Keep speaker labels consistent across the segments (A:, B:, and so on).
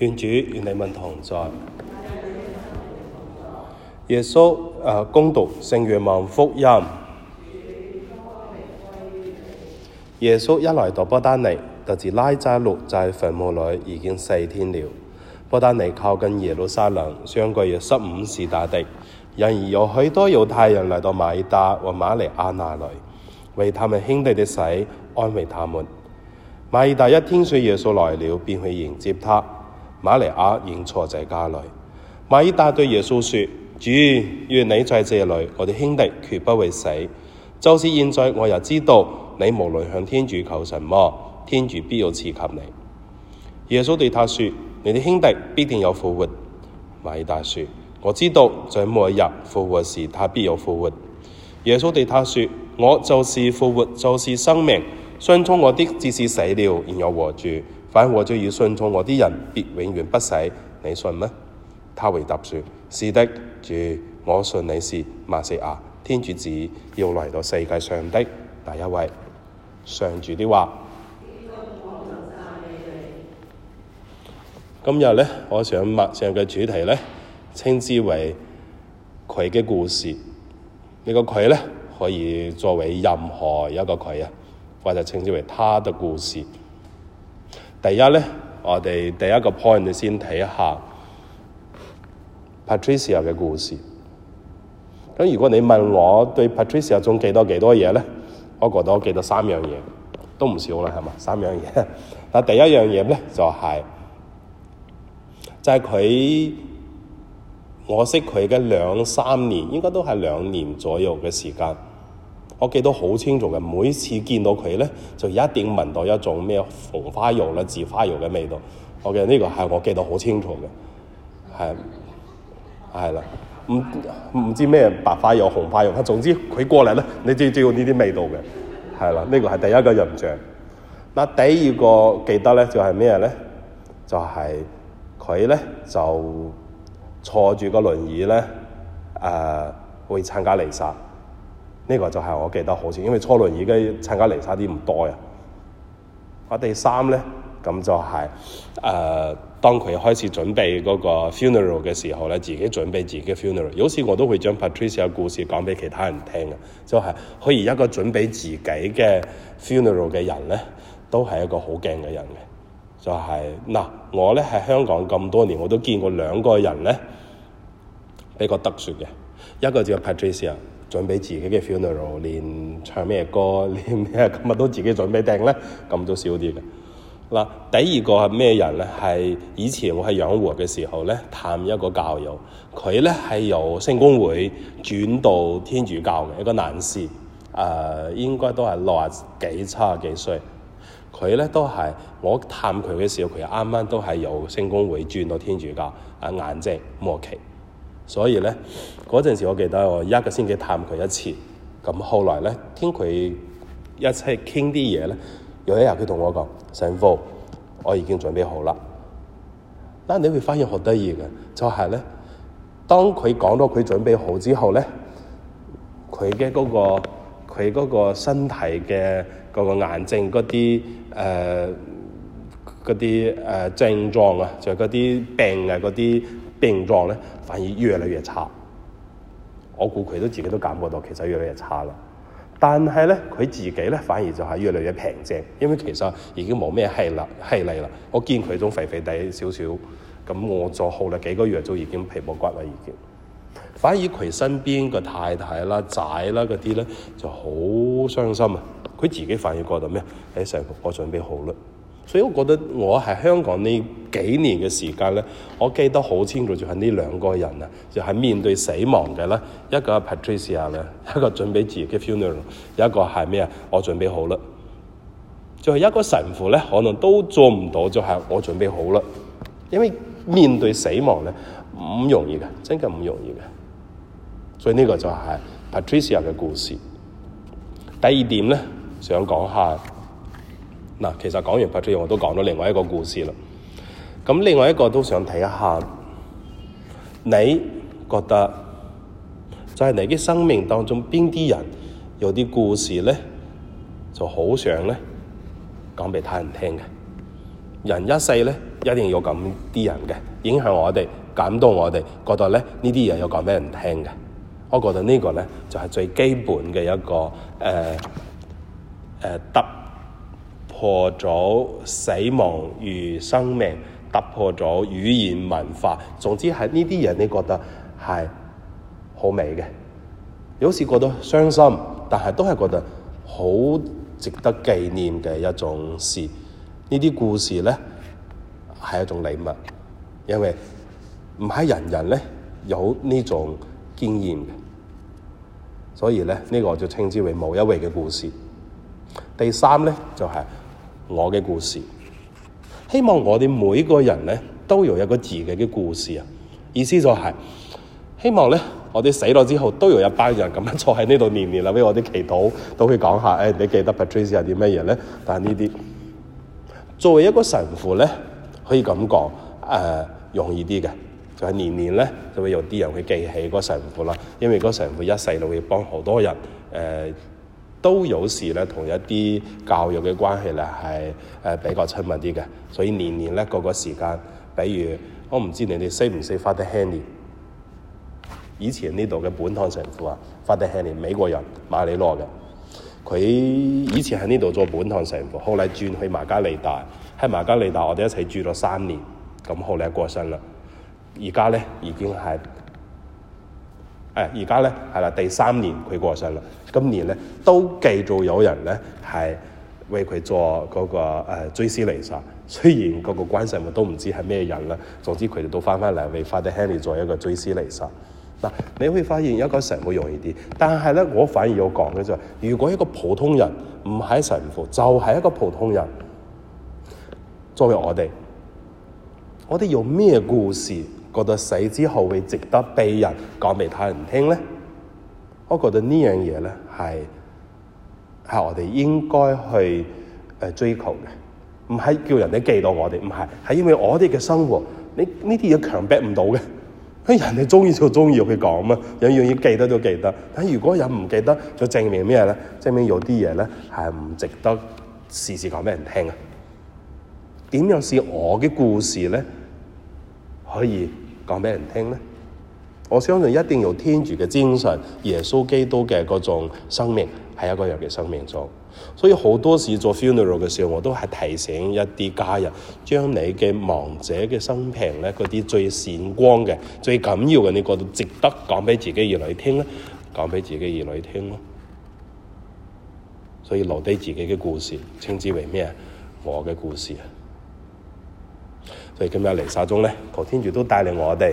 A: 願主與你們同在。耶穌誒恭讀聖若望福音。耶穌一來到伯達尼，得知拉匝祿在墳墓裏已經四天了。伯達尼靠近耶路撒冷，相距約十五斯塔狄。因而有許多猶太人嚟到瑪爾大和瑪利亞那裡，為他們兄弟的死安慰他們。瑪爾大一聽說，耶穌來了，便去迎接他。瑪利亞仍坐在家裏。馬爾大對耶穌說：主，若你在這裏，我的兄弟決不會死。就是現在，我也知道你無論向天主求什麼，天主必要賜給你。耶穌對他說：你的兄弟必定有復活。馬爾大說：我知道，在末日復活時，他必有復活。耶穌對他說：我就是復活，就是生命。信從我的，即使死了，仍要活住。凡我最要信從我啲人，必永遠不死，你信咩？他回答說：是的，主，我信你是馬西亞，天主子要來到世界上的第一位。上主啲話。今日呢，我想默想嘅主題呢，稱之為佢嘅故事。呢、這個佢呢，可以作為任何一個佢啊，或者稱之為他的故事。第一呢，我哋第一個 point 你先睇下 Patricia 嘅故事。咁如果你問我對 Patricia 仲記得幾多嘢呢，我覺得我記得三樣嘢，都唔少啦，係嘛？三樣嘢。嗱，第一樣嘢呢，就係、是，就係、是、佢，我識佢嘅兩三年，應該都係兩年左右嘅時間。我記得好清楚嘅，每次見到佢就一定聞到一種咩紅花油自紫花油嘅味道。我嘅呢個係我記得好清楚嘅，係係啦，唔知咩白花油、紅花油，總之佢過嚟咧，你就要呢啲味道嘅，係啦，呢、這個係第一個印象。那第二個記得呢，就係、是、咩呢？就係、是、佢呢，就坐住個輪椅呢，誒、呃、會參加彌撒。呢、這個就係我記得好似，因為初輪已經參加離差啲唔多嘅。我第三呢，咁就係、是、誒、呃，當佢開始準備嗰個 funeral 嘅時候呢，自己準備自己 funeral。有時我都會將 Patricia 故事講俾其他人聽就係、是、可以一個準備自己嘅 funeral 嘅人呢，都係一個好勁嘅人就係、是、嗱、呃，我呢喺香港咁多年，我都見過兩個人呢，比較特殊嘅，一個就 Patricia。準備自己嘅 funeral，連唱咩歌，連咩今日都自己準備定呢？咁都少啲嘅。第二個係咩人呢？係以前我係養活嘅時候呢，探一個教友，佢呢係由聖公會轉到天主教嘅一個男士，誒、呃、應該都係六啊幾七啊幾歲，佢呢都係我探佢嘅時候，佢啱啱都係由聖公會轉到天主教，眼癌症末期。所以呢，嗰陣時我記得我一個星期探佢一次。咁後來呢，聽佢一齊傾啲嘢呢，有一日佢同我講：神父，我已經準備好啦。但你會發現好得意嘅，就係呢，當佢講到佢準備好之後呢，佢嘅嗰個佢嗰個身體嘅嗰個癌症嗰啲誒嗰啲誒症狀啊，就係嗰啲病啊，嗰啲。病狀咧反而越嚟越差，我估佢都自己都感覺到其實越嚟越差啦。但係咧佢自己咧反而就係越嚟越平靜，因為其實已經冇咩氣力氣力啦。我見佢都肥肥地少少，咁我就好啦，幾個月就已經皮包骨啦已經。反而佢身邊個太太啦、仔啦嗰啲咧就好傷心啊。佢自己反而覺得咩啊？誒成日我準備好啦。所以，我覺得我喺香港呢幾年嘅時間呢，我記得好清楚就是這兩，就係呢兩個人啊，就係面對死亡嘅咧，一個係 Patricia 咧，一個準備自己嘅 funeral，一個係咩啊？我準備好啦。就係一個神父呢，可能都做唔到，就係、是、我準備好啦。因為面對死亡呢，唔容易嘅，真係唔容易嘅。所以呢個就係 Patricia 嘅故事。第二點呢，想講下。嗱，其實講完 Patricia，我都講咗另外一個故事啦。咁另外一個都想睇一下，你覺得在你啲生命當中邊啲人有啲故事呢？就好想呢講畀他人聽嘅。人一世呢，一定要咁啲人嘅影響我哋，感動我哋，覺得咧呢啲人要講畀人聽嘅。我覺得個呢個咧就係、是、最基本嘅一個誒誒得。呃呃破咗死亡與生命，突破咗語言文化，總之係呢啲嘢，你覺得係好美嘅，有時覺得傷心，但係都係覺得好值得紀念嘅一種事。呢啲故事咧係一種禮物，因為唔係人人咧有呢種經驗，所以咧呢、這個我就稱之為無一位嘅故事。第三咧就係、是。我嘅故事，希望我哋每個人呢，都有一個自己嘅故事啊！意思就係、是，希望呢，我哋死咗之後都有一班人咁樣坐喺呢度年年，啦，畀我哋祈禱，都會講下誒、哎，你記得 Patricia 係啲乜嘢呢？」但係呢啲，作為一個神父呢，可以咁講誒，容易啲嘅，就係年年呢，就會有啲人會記起嗰神父啦，因為嗰神父一世都會幫好多人誒。呃都有時咧同一啲教育嘅關係咧，係誒，比較親密啲嘅。所以年年咧個個時間，比如我唔知你哋識唔識法德亨利，以前呢度嘅本堂神父啊，法德亨利美國人馬里諾嘅，佢以前喺呢度做本堂神父，後嚟轉去馬加利大，喺馬加利大我哋一齊住咗三年，咁後嚟過身啦，而家咧已經係。而家咧係啦，第三年佢過世啦。今年咧都繼續有人咧係為佢做嗰、那個、呃、追思彌撒。雖然嗰個關神父都唔知係咩人啦，總之佢哋都翻翻嚟為 Father Henry 做一個追思彌撒。嗱，你會發現一個神父容易啲，但係咧我反而要講嘅就係，如果一個普通人唔係神父，就係、是、一個普通人，作為我哋，我哋用咩故事？覺得死之後會值得被人講畀他人聽呢？我覺得這件事呢樣嘢，呢係係我哋應該去誒追求嘅。唔係叫人哋記到我哋，唔係係因為我哋嘅生活，呢呢啲嘢強迫唔到嘅。人哋鍾意就鍾意，去講嘛，人願意記得就記得。但如果有人唔記得，就證明咩呢？證明有啲嘢呢係唔值得時時講畀人聽啊！點樣使我嘅故事呢？可以？講畀人聽咧，我相信一定要天主嘅精神、耶穌基督嘅嗰種生命，係一個人嘅生命中。所以好多時做 funeral 嘅時候，我都係提醒一啲家人，將你嘅亡者嘅生平咧，嗰啲最閃光嘅、最緊要嘅，你覺得值得講畀自己兒女聽咧，講畀自己兒女聽咯。所以留低自己嘅故事，稱之為咩？我嘅故事啊。所以今天嚟沙中呢，和天主都帶領我哋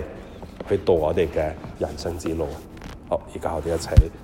A: 去到我哋嘅人生之路。好，而家我哋一齊。